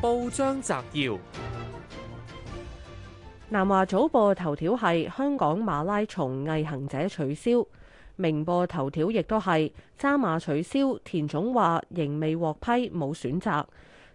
報章摘要：南華早報頭條係香港馬拉松毅行者取消，明報頭條亦都係渣馬取消。田總話仍未獲批，冇選擇。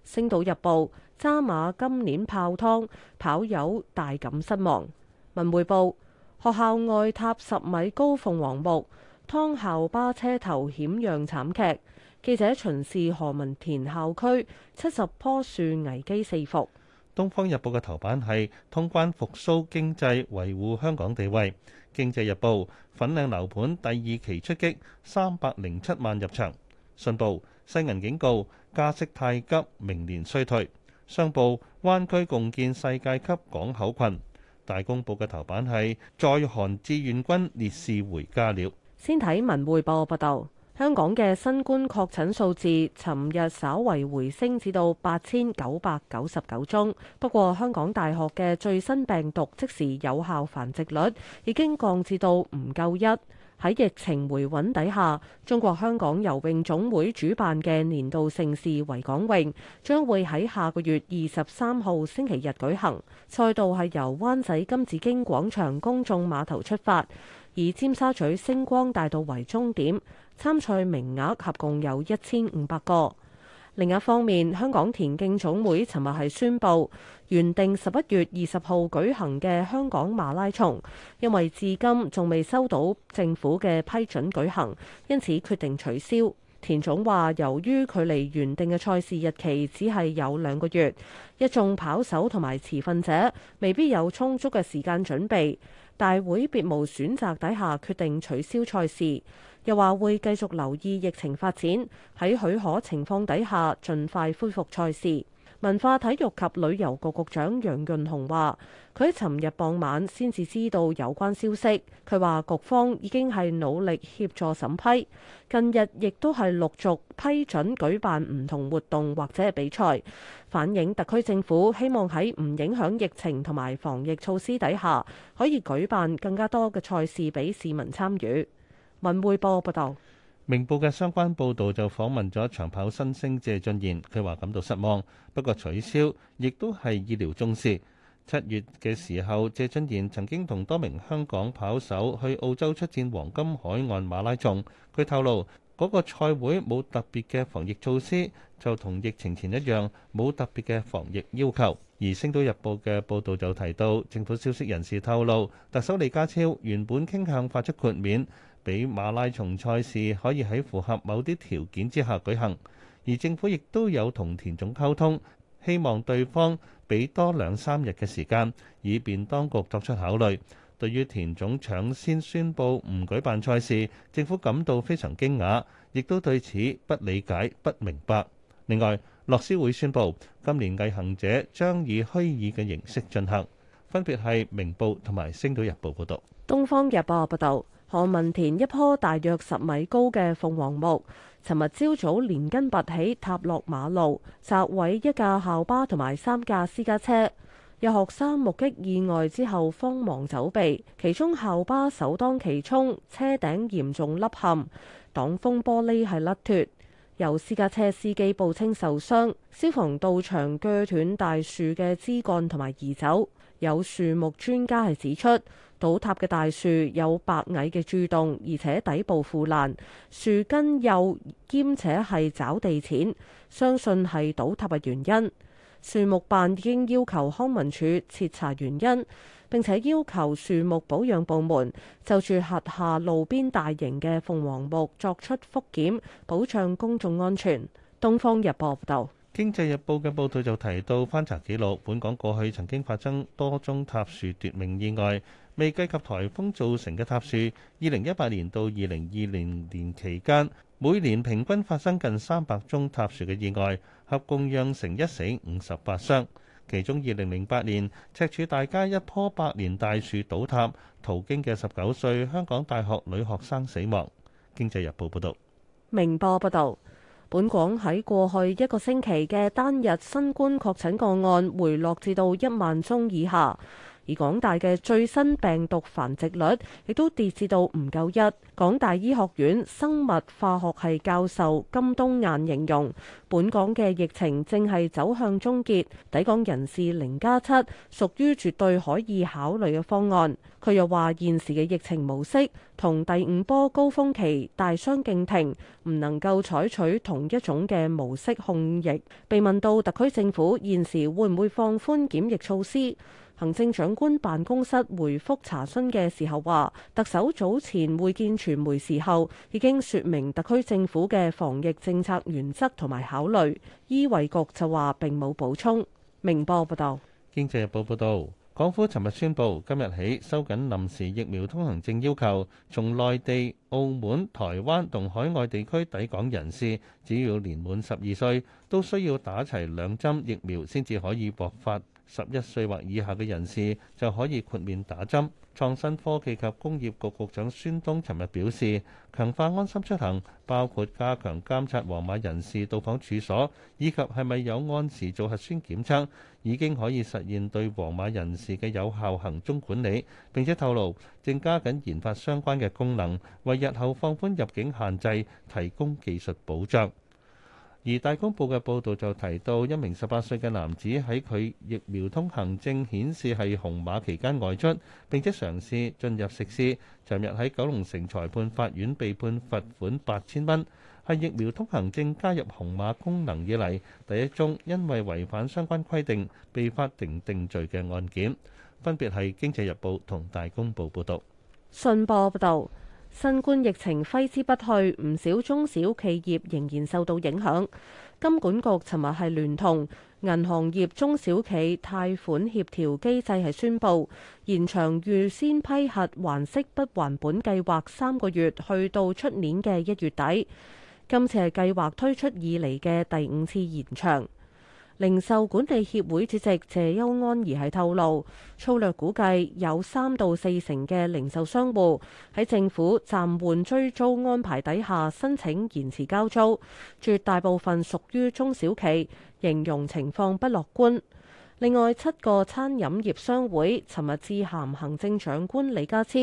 星島日報渣馬今年泡湯，跑友大感失望。文匯報學校外塔十米高鳳凰木。倉校巴車頭險釀慘劇，記者巡視何文田校區，七十棵樹危機四伏。東方日報嘅頭版係通關復蘇經濟，維護香港地位。經濟日報粉嶺樓盤第二期出擊，三百零七萬入場。信報西銀警告加息太急，明年衰退。商報灣區共建世界級港口群。大公報嘅頭版係在韓志願軍烈士回家了。先睇文匯報報道，香港嘅新冠確診數字尋日稍為回升至到八千九百九十九宗。不過，香港大學嘅最新病毒即時有效繁殖率已經降至到唔夠一。喺疫情回穩底下，中國香港游泳總會主辦嘅年度盛事維港泳將會喺下個月二十三號星期日舉行。賽道係由灣仔金紫荊廣場公眾碼頭出發。以尖沙咀星光大道為終點，參賽名額合共有一千五百個。另一方面，香港田徑總會尋日係宣布，原定十一月二十號舉行嘅香港馬拉松，因為至今仲未收到政府嘅批准舉行，因此決定取消。田總話：由於距離原定嘅賽事日期只係有兩個月，一眾跑手同埋持份者未必有充足嘅時間準備，大會別無選擇底下決定取消賽事。又話會繼續留意疫情發展，喺許可情況底下盡快恢復賽事。文化體育及旅遊局局長楊潤雄話：佢喺尋日傍晚先至知道有關消息。佢話局方已經係努力協助審批，近日亦都係陸續批准舉辦唔同活動或者係比賽，反映特區政府希望喺唔影響疫情同埋防疫措施底下，可以舉辦更加多嘅賽事俾市民參與。文匯報報道。明報嘅相關報導就訪問咗長跑新星謝俊賢，佢話感到失望，不過取消亦都係意料中事。七月嘅時候，謝俊賢曾經同多名香港跑手去澳洲出戰黃金海岸馬拉松，佢透露嗰個賽會冇特別嘅防疫措施，就同疫情前一樣冇特別嘅防疫要求。而《星島日報》嘅報導就提到，政府消息人士透露，特首李家超原本傾向發出豁免。俾馬拉松賽事可以喺符合某啲條件之下舉行，而政府亦都有同田總溝通，希望對方俾多兩三日嘅時間，以便當局作出考慮。對於田總搶先宣布唔舉辦賽事，政府感到非常驚訝，亦都對此不理解不明白。另外，樂施會宣布今年毅行者將以虛擬嘅形式進行。分別係《明報》同埋《星島日報》報導，《東方日報》報道。何文田一棵大約十米高嘅鳳凰木，尋日朝早連根拔起，塌落馬路，砸毀一架校巴同埋三架私家車。有學生目擊意外之後慌忙走避，其中校巴首當其衝，車頂嚴重凹陷，擋風玻璃係甩脫。有私家車司機報稱受傷。消防到場鋸斷大樹嘅枝幹同埋移走。有樹木專家係指出，倒塌嘅大樹有白蟻嘅蛀洞，而且底部腐爛，樹根又兼且係找地淺，相信係倒塌嘅原因。樹木辦已經要求康文署徹查原因，並且要求樹木保養部門就住轄下路邊大型嘅鳳凰木作出復檢，保障公眾安全。《東方日報》報道。經濟日報嘅報道就提到，翻查記錄，本港過去曾經發生多宗塌樹奪命意外，未計及颱風造成嘅塌樹。二零一八年到二零二零年期間，每年平均發生近三百宗塌樹嘅意外，合共釀成一死五十八傷。其中二零零八年，赤柱大街一棵百年大樹倒塌，途經嘅十九歲香港大學女學生死亡。經濟日報報導。明報報導。本港喺過去一個星期嘅單日新冠確診個案回落至到一萬宗以下，而港大嘅最新病毒繁殖率亦都跌至到唔夠一。港大醫學院生物化學系教授金冬雁形容。本港嘅疫情正係走向終結，抵港人士零加七，屬於絕對可以考慮嘅方案。佢又話現時嘅疫情模式同第五波高峰期大相徑庭，唔能夠採取同一種嘅模式控疫。被問到特區政府現時會唔會放寬檢疫措施，行政長官辦公室回覆查詢嘅時候話特首早前會見傳媒時候已經說明特區政府嘅防疫政策原則同埋考。考慮，醫衛局就話並冇補充。明報報道，《經濟日報》報道，港府尋日宣布，今日起收緊臨時疫苗通行證要求，從內地、澳門、台灣同海外地區抵港人士，只要年滿十二歲，都需要打齊兩針疫苗，先至可以獲發。十一歲或以下嘅人士就可以豁免打針。創新科技及工業局局長孫東尋日表示，強化安心出行包括加強監察黃碼人士到訪處所，以及係咪有按時做核酸檢測，已經可以實現對黃碼人士嘅有效行蹤管理。並且透露，正加緊研發相關嘅功能，為日後放寬入境限制提供技術保障。而大公報嘅報道就提到，一名十八歲嘅男子喺佢疫苗通行證顯示係紅碼期間外出，並且嘗試進入食肆。尋日喺九龍城裁判法院被判罰款八千蚊，係疫苗通行證加入紅碼功能以嚟第一宗因為違反相關規定被法庭定，定罪嘅案件。分別係經濟日報同《大公報》報道，信報報道。新冠疫情揮之不去，唔少中小企業仍然受到影響。金管局尋日係聯同銀行業中小企貸款協調機制係宣布，延長預先批核還息不還本計劃三個月，去到出年嘅一月底。今次係計劃推出以嚟嘅第五次延長。零售管理協會主席謝邱安怡係透露，粗略估計有三到四成嘅零售商戶喺政府暫緩追租安排底下申請延遲交租，絕大部分屬於中小企，形容情況不樂觀。另外，七個餐飲業商會尋日致函行政長官李家超，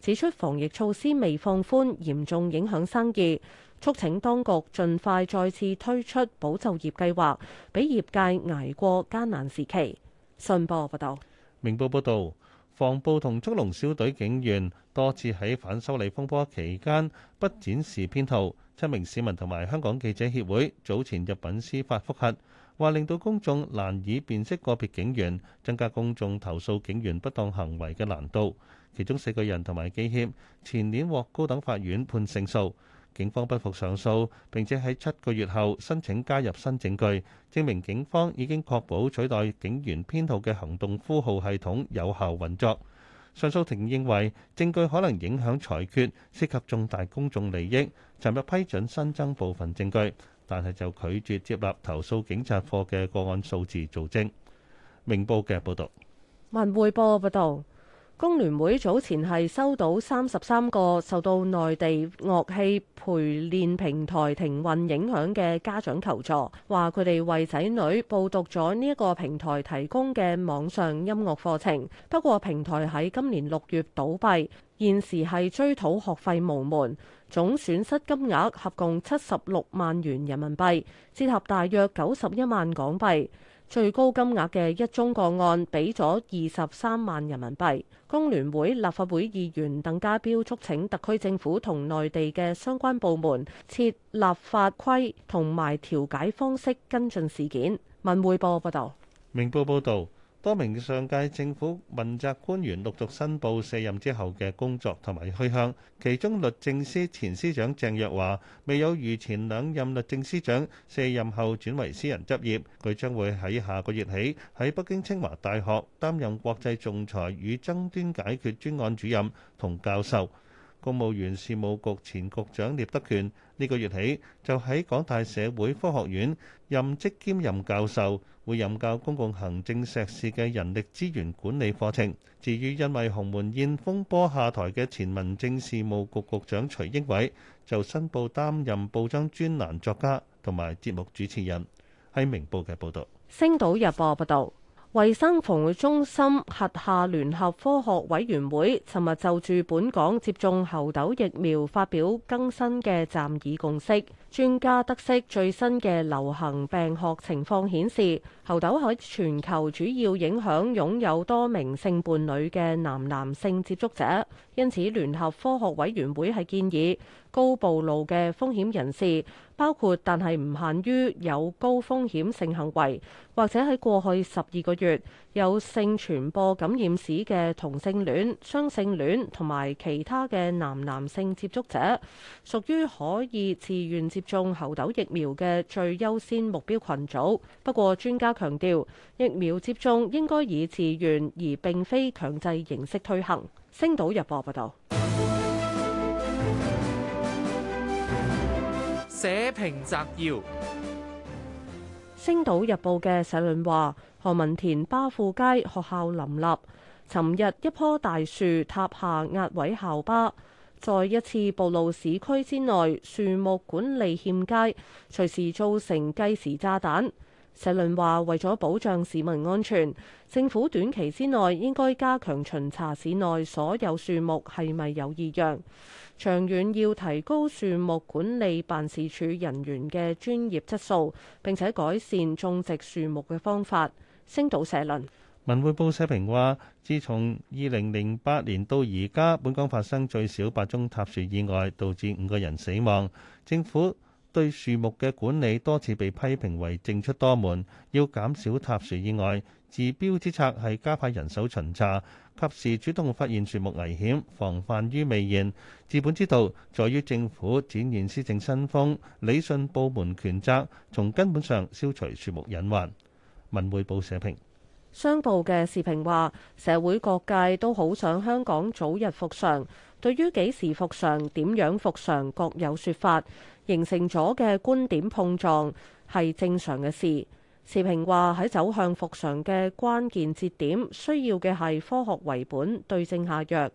指出防疫措施未放寬，嚴重影響生意，促請當局盡快再次推出保就業計劃，俾業界捱過艱難時期。信報報道。明報報道，防暴同速龍小隊警員多次喺反修例風波期間不展示編號，七名市民同埋香港記者協會早前入禀司法覆核。話令到公眾難以辨識個別警員，增加公眾投訴警員不當行為嘅難度。其中四個人同埋記協前年獲高等法院判勝訴，警方不服上訴，並且喺七個月後申請加入新證據，證明警方已經確保取代警員編號嘅行動呼號系統有效運作。上訴庭認為證據可能影響裁決，涉及重大公眾利益，尋日批准新增部分證據。但係就拒絕接納投訴警察課嘅個案數字做證。明報嘅報道，文匯報嘅報道，工聯會早前係收到三十三個受到內地樂器陪練平台停運影響嘅家長求助，話佢哋為仔女報讀咗呢一個平台提供嘅網上音樂課程，不過平台喺今年六月倒閉。現時係追討學費無門，總損失金額合共七十六萬元人民幣，折合大約九十一萬港幣。最高金額嘅一宗個案，俾咗二十三萬人民幣。工聯會立法會議員鄧家彪促請特區政府同內地嘅相關部門設立法規同埋調解方式跟進事件。文匯報報道。明報報道。多名上屆政府問責官員陸續申報卸任之後嘅工作同埋去向，其中律政司前司長鄭若驊未有如前兩任律政司長卸任後轉為私人執業，佢將會喺下個月起喺北京清華大學擔任國際仲裁與爭端解決專案主任同教授。公務員事務局前局長聶德權。呢個月起就喺港大社會科學院任職兼任教授，會任教公共行政碩士嘅人力資源管理課程。至於因為鴻門宴風波下台嘅前民政事務局局長徐英偉，就申報擔任報章專欄作家同埋節目主持人。喺明報嘅報導。星島日報報導。衛生防護中心轄下聯合科學委員會尋日就住本港接種猴痘疫苗發表更新嘅暫議共識。專家得悉最新嘅流行病學情況顯示，猴痘喺全球主要影響擁有多名性伴侶嘅男男性接觸者，因此聯合科學委員會係建議。高暴露嘅風險人士，包括但係唔限於有高風險性行為，或者喺過去十二個月有性傳播感染史嘅同性戀、雙性戀同埋其他嘅男男性接觸者，屬於可以自願接種猴痘疫苗嘅最優先目標群組。不過專家強調，疫苗接種應該以自願而並非強制形式推行。星島日報報道。社評摘要：《星島日報》嘅社論話，何文田巴富街學校林立，尋日一棵大樹塌下壓毀校巴，再一次暴露市區之內，樹木管理欠佳，隨時造成計時炸彈。社論話：為咗保障市民安全，政府短期之內應該加強巡查市內所有樹木係咪有異樣，長遠要提高樹木管理辦事處人員嘅專業質素，並且改善種植樹木嘅方法。星島社論。文匯報社評話：自從二零零八年到而家，本港發生最少八宗塌樹意外，導致五個人死亡，政府對樹木嘅管理多次被批評為政出多門，要減少塌樹意外，治標之策係加派人手巡查，及時主動發現樹木危險，防範於未然。治本之道，在於政府展現施政新風，理順部門權責，從根本上消除樹木隱患。文匯報社評。商報嘅視頻話：社會各界都好想香港早日復常，對於幾時復常、點樣復常各有說法，形成咗嘅觀點碰撞係正常嘅事。視頻話喺走向復常嘅關鍵節點，需要嘅係科學為本、對症下藥。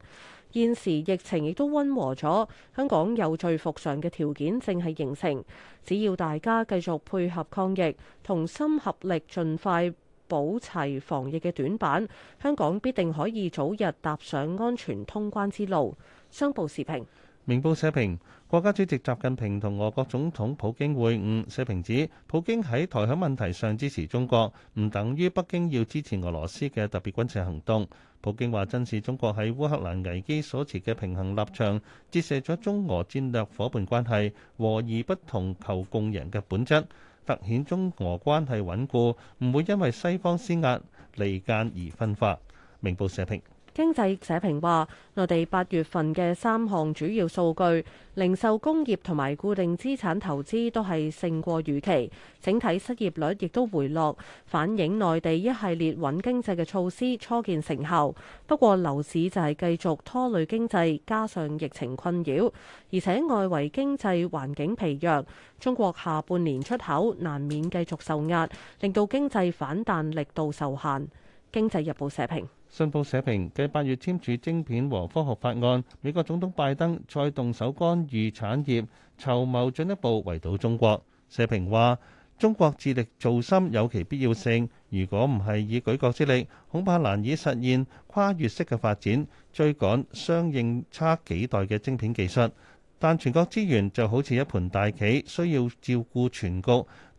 現時疫情亦都溫和咗，香港有序復常嘅條件正係形成，只要大家繼續配合抗疫，同心合力，盡快。補齊防疫嘅短板，香港必定可以早日踏上安全通關之路。商報時評。明報社評，國家主席習近平同俄國總統普京會晤。社評指普京喺台海問題上支持中國唔等於北京要支持俄羅斯嘅特別軍事行動，普京話珍視中國喺烏克蘭危機所持嘅平衡立場折射咗中俄戰略伙伴關係和而不同求共贏嘅本質突顯中俄關係穩固，唔會因為西方施壓離間而分化。明報社評。經濟社評話，內地八月份嘅三項主要數據，零售、工業同埋固定資產投資都係勝過預期，整體失業率亦都回落，反映內地一系列穩經濟嘅措施初見成效。不過樓市就係繼續拖累經濟，加上疫情困擾，而且外圍經濟環境疲弱，中國下半年出口難免繼續受壓，令到經濟反彈力度受限。經濟日報社評，信報社評，繼八月簽署晶片和科學法案，美國總統拜登再動手干預產業，籌謀進一步圍堵中國。社評話：中國致力造芯有其必要性，如果唔係以舉國之力，恐怕難以實現跨越式嘅發展，追趕相應差幾代嘅晶片技術。但全國資源就好似一盤大棋，需要照顧全局。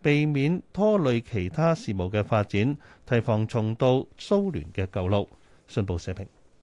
避免拖累其他事務嘅發展，提防重蹈蘇聯嘅舊路。信報社評。